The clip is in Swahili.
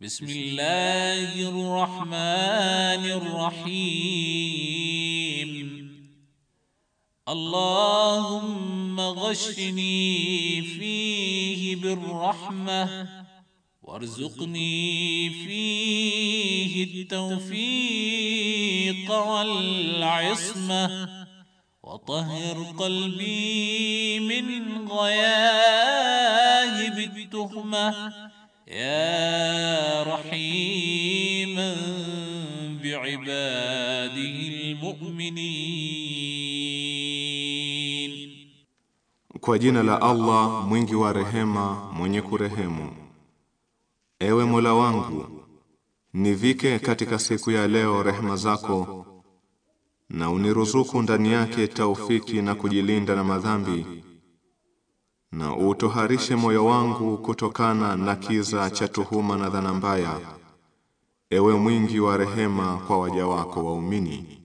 بسم الله الرحمن الرحيم اللهم غشني فيه بالرحمة وارزقني فيه التوفيق والعصمة وطهر قلبي من غياهب التهمة يا rahiman بعباده المؤمنين kwa jina la Allah mwingi wa rehema mwenye kurehemu. Ewe Mola wangu, nivike katika siku ya leo rehema zako na uniruzuku ndani yake taufiki na kujilinda na madhambi na utoharishe moyo wangu kutokana na kiza cha tuhuma na dhana mbaya, ewe mwingi wa rehema kwa waja wako waumini.